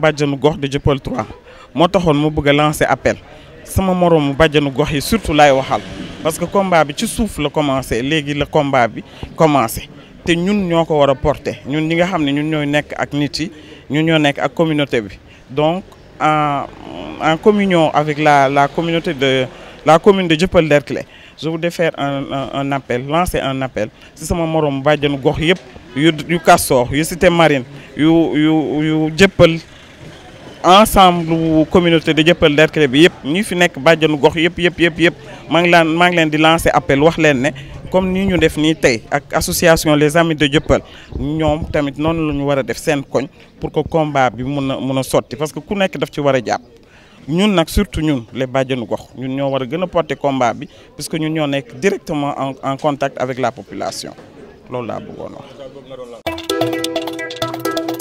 bàjjanu gox de Dieuppeul 3 moo taxoon mu bëgg a lancer appel sama moroom bàjjanu gox yi surtout laay waxal parce que combat bi ci suuf la commencé léegi la combat bi commencé te ñun ñoo ko war a porter ñun ñi nga xam ne ñun ñooy nekk ak nit yi ñun ñoo nekk ak communauté bi donc en en communion avec la la communauté de la commune de Dieuppeul Derklé je voudrais faire un un appel lancer un appel si sama moroom bàjjanu gox yëpp yu yu yu Cité Marine yu yu yu Dieuppeul ensemble wu communauté de Dieuppeul Derklé bi yëpp ñi fi nekk bàjjanu gox yëpp yëpp yëpp yëpp maa ngi laan maa ngi leen di lancer appel wax leen ne comme ni ñu def nii tey ak association les amis de Dieuppeul ñoom tamit noonu la ñu war a def seen koñ pour que combat bi mun a mun a sotti parce que ku nekk daf ci war a jàpp. ñun nag surtout ñun les bàjjanu gox ñun ñoo war a gën a porter combat bi puisque ñun ñoo nekk directement en en contact avec la population loolu laa bëggoon wax.